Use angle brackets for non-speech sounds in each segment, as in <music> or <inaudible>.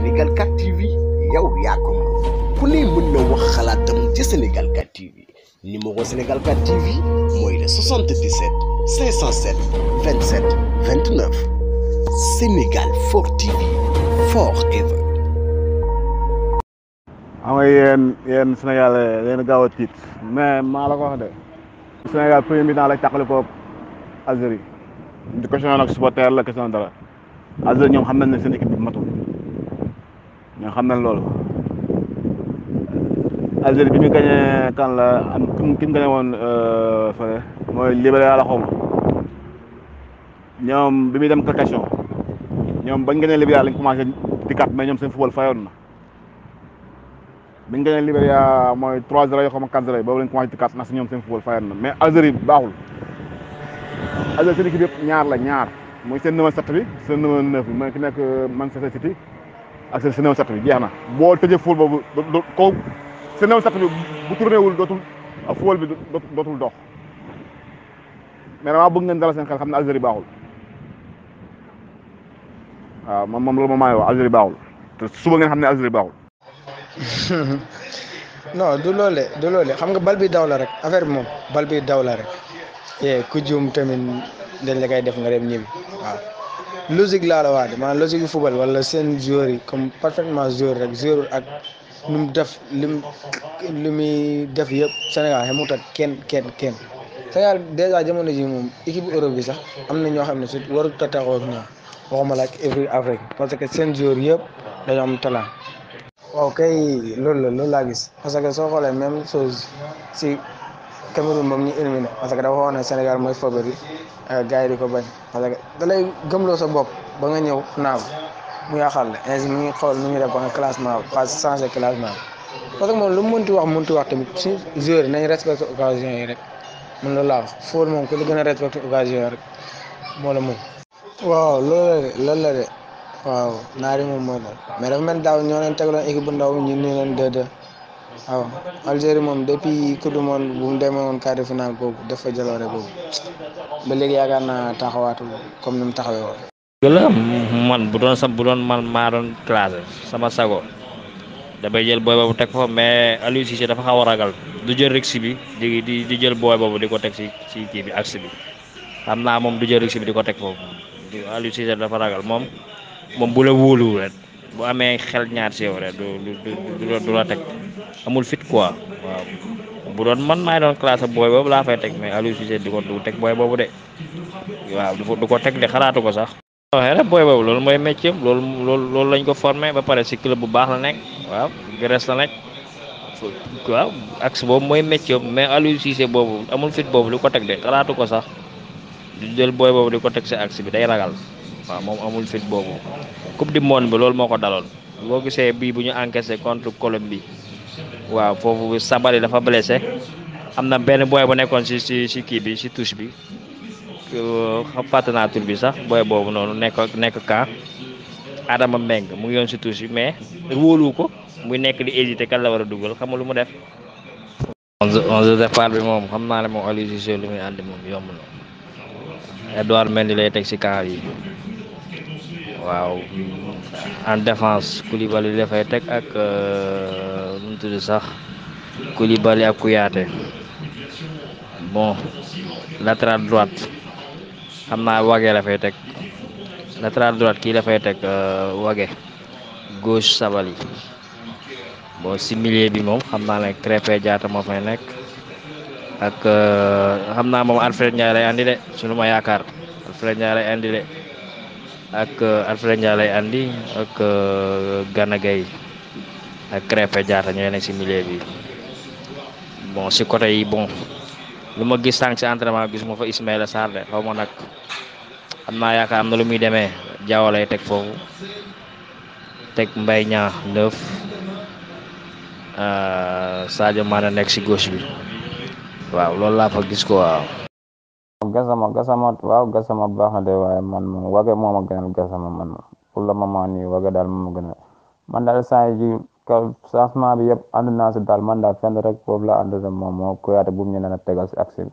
Sénégal 4 TV yow yaa ko moom ku ne mën na wax xalaatam ci Sénégal 4 TV numéro Sénégal 4 TV il le 77 507 27 29 Sénégal 4 TV forever. Je nga yéen yéen Sénégal yéen gaaw a mais je la ko wax de Sénégal premier mi-temps la tàqali ko Algérie di question nag supporter la question dara Algérie ñoom xam nañ ne équipe ñoo xam nañ loolu Algérie bi ñu gañee kan la ki mu gañe woon euh, fële mooy Libéria xaw ma ñoom bi muy dem Carcassonne ñoom bañ gañee Libéria lañ commencé di kat mais ñoom seen football fayoon na biñ gañee Libéria mooy 3-0 yoo xam ne 4-0 boobu ñoom seen football fayoon na mais Algérie baaxul Algérie seen équipe yëpp ñaar la ñaar mooy seen numéro 7 bi seen numéro 9 bi mooy ki nekk euh, Manchester City ak seen néew bi jeex na boo tëjee fóol boobu doo kaw seen néew sart bi bu tourné dootul fóol bi dootul dox mais damaa bëgg ngeen dala seen xel xam ne Algérie baaxul waaw moom moom loolu moom maa ngi wax Algérie baaxul te ngeen xam ne Algérie baaxul. <laughs> non du loole du loole xam nga bal bi rek affaire bi moom bal bi daw rek. Eh, ku juum tamit dañ la koy def nga dem ñibbi waaw. logique laa la waate maanaam logique yu football wala seen joueur yi comme parfaitement joueur rek joueur ak lu def lim li muy def yëpp Sénégal xamut ak kenn kenn kenn Sénégal dèjà jamono ji moom équipe Europe bi sax am na ñoo xam ne su waru ta taxaw ak waxuma la ak Afrique parce que seen joueur yëpp dañoo am talent. waaw kay loolu loolu laa parce que soo xoolee même chose si. Cameroun moom ñu éliminé parce que dafa waxoon ne Sénégal mooy favori euh, gars yi di ko bañ parce que da lay gëmloo sa bopp ba nga ñëw naaw mu yàqal la ainsi mu ngi xool nu ñu def ba nga classement pas changé classement parce moom mu mënti wax mënti wax tamit si yi rek mun loolu laa wax fool moom ku la gën a respecté occasion yi la la la de waaw naari moom mooy loolu mais daaw ñoo leen tegloon équipe bu ndaw ñu nii leen 2 waaw Algérie moom depuis coupe du monde bu mu demee woon quart de finale boobu dafa jaloore boobu ba léegi yaakaar naa taxawaatul comme ni mu taxawee woon. man bu doon sam bu doon man maa doon classé sama sago damay jël booy boobu teg mais Aliou dafa xaw a ragal du jël risque bi di di di jël booy boobu di ko teg ci ci kii bi axe bi xam naa moom du jël risque bi di ko teg foofu Aliou Cissé dafa ragal moom moom bu la wóoluwul bu amee xel ñaar si yow rek du du du la teg amul fit quoi waaw bu doon man maay doon classe booy boobu laa fa teg mais Aliou Cissé di ko du teg booy boobu de waaw du ko teg de xalaatu ko sax. waxee rek booy boobu loolu mooy métier loolu loolu lañ ko formé ba pare si club bu baax la nekk waaw Grèce la nekk waaw axe mooy métier mais Aliou Cissé boobu amul fit boobu di ko teg de xalaatu ko sax du jël booy boobu di ko teg se axe bi day ragal. waaw amul fit bobu coupe du monde bi lol moko ko bo boo bi buñu encaisser contre Colombie waaw fofu Sabaly dafa blessé amna na benn booy bu nekkon ci ci si kii bi ci touche bi fàtte naa tour bi sax boy bobu nonu nekk nekk ka Adama meng mu yon ci touche mais wóolu ko muy nekk di hésité kan la war a xam lu mu def. onze départ bi mom xamna naa mo moom Aliou Cissé lu muy àndi mom yomb na Edouard Mendy lay tek ci camp yi waaw en défense Koulibaly dafay tek eh, ak nu tudd sax Koulibaly ak Kouyaté bon latéral droite xamna Wagé la fay tek latéral droite ki la fay teg Wagé gauche Sabali bon si milieu bi mom xamna naa ne Krépin Diatta moo fay nek ak xam eh, naa moom Alfred Ndiaye lay andi de suñu ma yaakaar Alfred Ndiaye lay andi de Ake eh, Jalai andi eh, ke Ganagai Gueye ak Krépin Diatta ñooy nekk bi bon si bon lu ma gis si ci entraînement gis mo fa Ismaïla Sarle de xaw ma nag am lu mi demee Diaw lay teg foofu teg Mbaye Niang neuf Sadio Mané nek ci gauche bi waaw loolu la fa gis ko waaw gasama gasama waaw gasama baax na de waaye man moom wage moo a gënal gasama man moom pour le a nii wage daal moo ma gënal man daal saa yi changement bi yëpp ànd naa si man daal fenn rek foofu la ànd na moom moo Kouyaté bu a tegal si aksi bi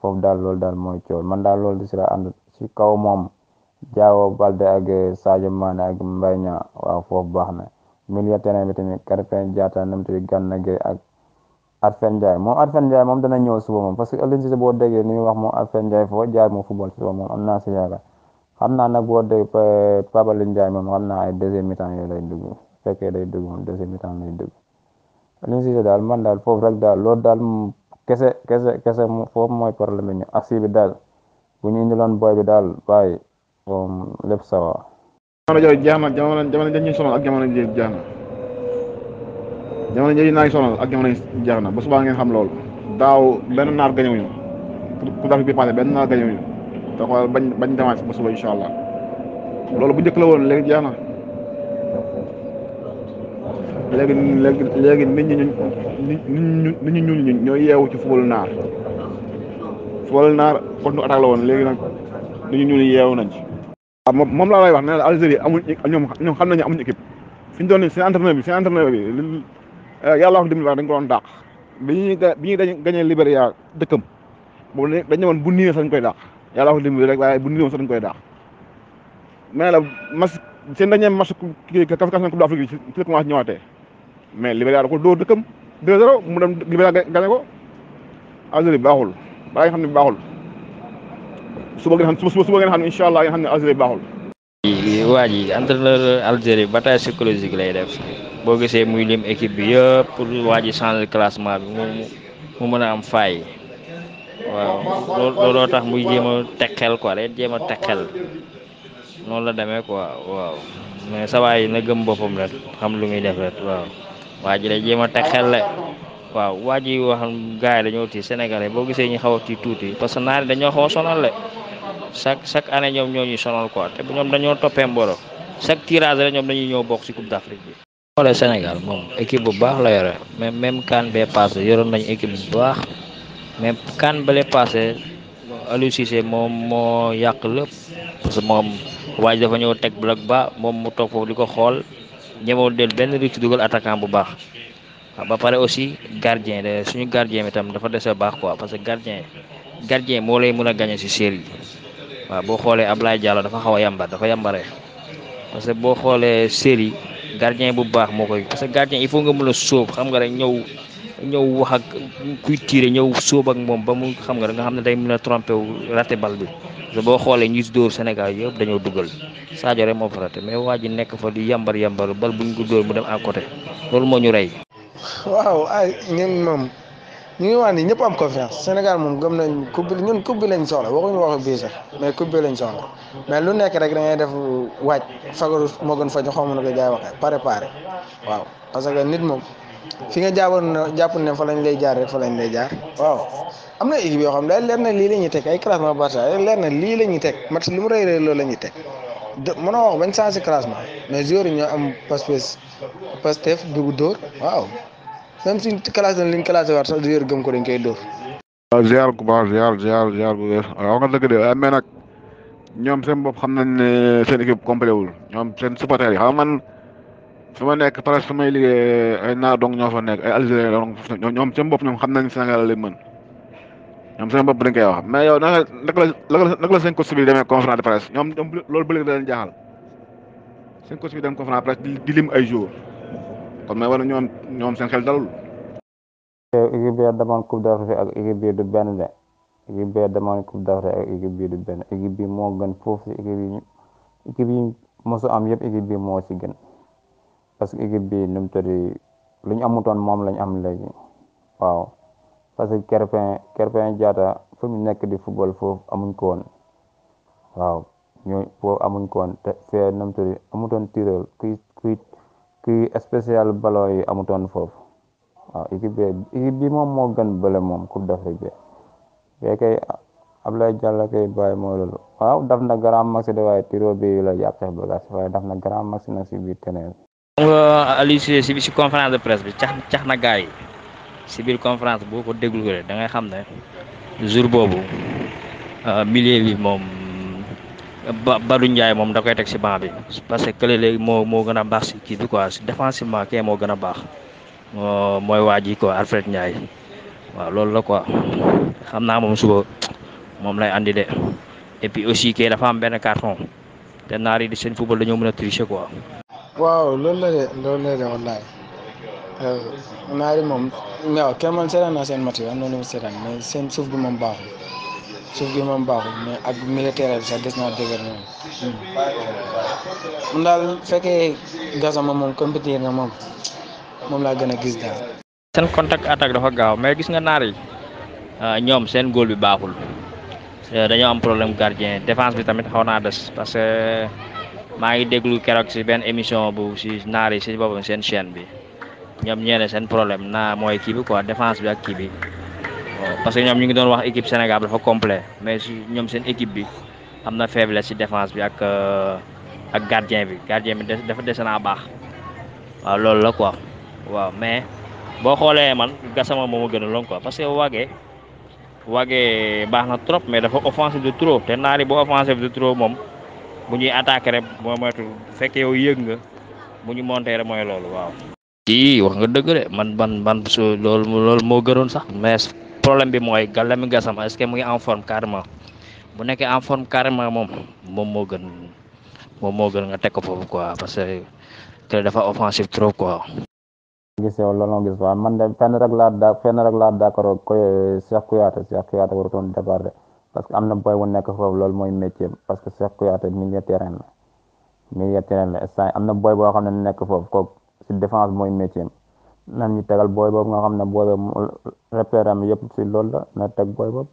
foofu daal loolu daal mooy coow man daal di si la si kaw moom Diao Baldé ak Sadio Mané ak Mbaye Niang waaw foofu baax na milieu terrain bi tamit Krépin ak Arfane Ndiaye moom Arfane Ndiaye moom dana ñëw suba moom parce que Aliou Cissé boo déggee ni muy wax moom Arfane Ndiaye foo jaar football suba moom am naa si xam naa nag boo dégg Pape Alioune Ndiaye moom xam naa ay deuxième mi-temps yooyu lay dugg fekkee day dugg moom deuxième mi-temps lay dugg Aliou daal man daal foofu rek daal loolu daal kese kese kese foofu mooy problème bi ñu assi bi daal bu ñu indiloon boy bi daal bàyyi moom lépp sawa jamono jii naa ngi sonal ak jamono jeex na ba subaa ngeen xam loolu daaw benn naar gañewuñu ku dafi bi passé benn naar gañewuñu te xool bañ bañ demaat ba suba incha allah loolu bu njëkk la woon léegi jeex na léegi léegi léegi nit ñi ñu nit ñi ñu ñi ñooy yeewu ci football naar football naar contre attaque la woon léegi nag nit ñi ñun yeewu nañ ci waaw moom laa lay wax ne la Algérie amuñ ñoom ñoom xam nañu amuñ équipe fi ñu doon seen entraîneur bi seen entraîneur bi Eh, yàlla wax dimbali dañ ko doon dàq bi ñuy bi ñuy gañee Libéria dëkkam boobu dañ dañ ñëwoon bu niiwee sax dañ koy dàq yàlla wax dimbali rek waaye bu niiwee sax dañ koy dàq mais la mas seen dernier match kii ka kas coupe d'Afrique bi ci la commencé ñëwaatee mais Libéria ko dóor dëkkam 2-0 mu dem Libéria gañe ko Algérie baaxul balaa nga xam ni baaxul suba ngeen xam suba suba ngeen xam ne incha allah ngeen baaxul. waa ji entraîneur Algérie bataille psychologique lay def boo gisee muy lim équipe bi yëpp pour waa ji changer classement bi mu mu mën a am faay waaw looloo tax muy jéem a teg xel quoi day jéem a teg xel noonu la demee quoi waaw mais sa waay yi na gëm boppam rek xam lu muy def rek waaw waa ji day jéem a teg xel waaw waa ji wax gars yi dañoo tiit boo gisee ñu xaw a tuuti parce que naari dañoo xaw sak sak ane ñom ñoo ñuy sonal quoi te ñom dañoo topé mboro sak tirage la ñom dañuy ñëw bok ci coupe d'Afrique bi. wala Sénégal moom équipe bu baax la yoré mais même kan bé passé yoroon nañ équipe bu baax mais kan balee passé Aliou Cissé moom mo yak lepp parce que moom waa dafa ñëw teg bloc ba moom mu toog foofu diko ko xool del ben risque dugal attaquant bu baax ba paré aussi gardien de suñu gardien mi tam dafa déssé baax quoi parce que gardien gardien mo lay mëna gagner ci série waaw boo xoolee Ablaye Diallo dafa xaw a yàmbar dafa yàmbaree parce que boo xoolee série gardien bu baax moo koy parce que gardien il faut nga mën a sóob xam nga rek ñëw ñëw wax ak kuy tiire ñëw sóob ak moom ba mu xam nga rek nga xam ne day mën a trompé wu raté bal bi parce que boo xoolee ñuy dóor Sénégal yëpp dañoo dugal Sadio rek moo fa raté mais waa ji nekk fa di yàmbar yàmbar bal buñ ko dóor mu dem à côté loolu moo ñu rey. waaw ay ñun moom. ñu ngi wax ni ñëpp am confiance Sénégal moom gëm nañ coupe bi ñun coupe bi lañ soxla waxuñu waxu bii sax lu nekk rek da ngay def waaj fagaru moo gën faju xaw ma na ko jaay waxee préparé waaw parce que nit moom fi nga jaaboon jàpp ne fa lañ lay jaar rek lañ lay jaar waaw am na équipe yoo xam ne leer na lii la ñuy teg ay classement Barça na lii la ñuy teg match li mu rëy rëy loolu la ñuy teg mais joueurs yi ñoo am pas-pas Pastef dugg dóor waaw même suñ classé liñ classé waat sax di gëm ko dañ koy dóor. waaw ziar ku baax ziar ziar ziar de waaye mais nag ñoom seen bopp xam nañ ne seen équipe complet wul ñoom seen supporters yi xam man fi ma nekk presque fi may liggéey naar dong ñoo fa nekk ay algérien dong ñoom seen bopp ñoom xam nañ Sénégal la mën ñoom seen bopp dañ koy wax mais yow naka la naka la seen coach bi demee conférence de presse ñoom loolu ba léegi da leen jaaxal seen coach bi dem conférence de presse di ay jours. kon mooy war na ñoom ñoom seen xel dalul. équipe bi demoon coupe d'Afrique ak équipe du benn de équipe moo gën foofu si mosu am yëpp équipe moo ci gën parce que équipe bi nu mu amutoon moom lañ am léegi waaw parce que Krépin Krépin Diatta fu nekk di football foofu amuñ ko waaw ñooñu foofu amuñ ko fee nu mu amutoon tireur kii spécial ballon yi amutoon foofu waaw équipe bi moom moo gën bële moom coupe d'Afrique bi bee kay Ablaye Diallo kay bàyyi moo loolu waaw daf na grand max de waaye tiro bi la yàq Cheikh Boubacar waaye daf na grand max na si biir terrain bi. xam nga si bi si conférence de presse bi cax cax na gars yi si biir conférence boo ko déglu da ngay xam ne jour boobu euh, milieu bi moom. Badou Ndiaye moom da koy teg si banc bi parce que kële léegi moo moo gën a baax si kii bi quoi si défensivement kee moo gën a baax mooy waa ji quoi Alfred Ndiaye waaw loolu la quoi xam naa moom suba moom lay andi de et aussi kee dafa am benn carton te naar yi di seen football dañoo mën a tricher quoi. waaw loolu la de loolu la de euh, moom waaw man seetaan seen match yi am mais seen suuf bi moom baaxul. suuf gi moom baaxul mais ak militaire bi sax des naa dëgër moom mun hmm. daal fekkee Gassama moom compétir na moom moom laa gën a gis daal seen contact attaque dafa gaaw mais gis nga naar yi ah, ñoom seen góol bi baaxul eh, dañoo am problème gardien défense bi tamit xaw naa des parce que maa ngi déglu keroog si benn émission bu si naar yi si boppam seen chaîne bi ñoom ñeene seen problème naa mooy kii bi quoi défense bi ak kii bi parce que ñom ñu ngi doon wax équipe Sénégal dafa complet mais ñom seen équipe bi amna faible ci défense bi ak euh, ak gardien bi gardien bi dafa déssé na baax wa lool la quoi wa mais bo xolé man gasama moo gëna lon quoi parce que wagee wagee baax na trop mais dafa offensive de trop té naari bo offensive de trop mom bu ñuy attaquer rek moo moytu fekkee yow yëg nga bu ñu monter rek moy lool waaw. ci wax nga deug de man ban so lool lool mo gëron sax mais problème bi mooy Lamine Gassama est-ce que en forme carrément bu nekkee en carrément moom moom moo gën moom moo gën nga teg ko foofu quoi parce que te dafa offensive trop quoi. gis yow loolu gis waaw man de fenn rek laa da fenn rek laa d'accord ko Cheikh Kouyaté Cheikh Kouyaté warutoon départ de parce que am na boy bu nekk foofu loolu mooy métier parce que Cheikh Kouyaté milieu terrain la milieu terrain la instant am na booy boo xam ne nekk foofu kooku si défense mooy métier nan ñu tegal booy boobu nga xam ne booy boobu repère am yëpp si loolu la na teg booy boobu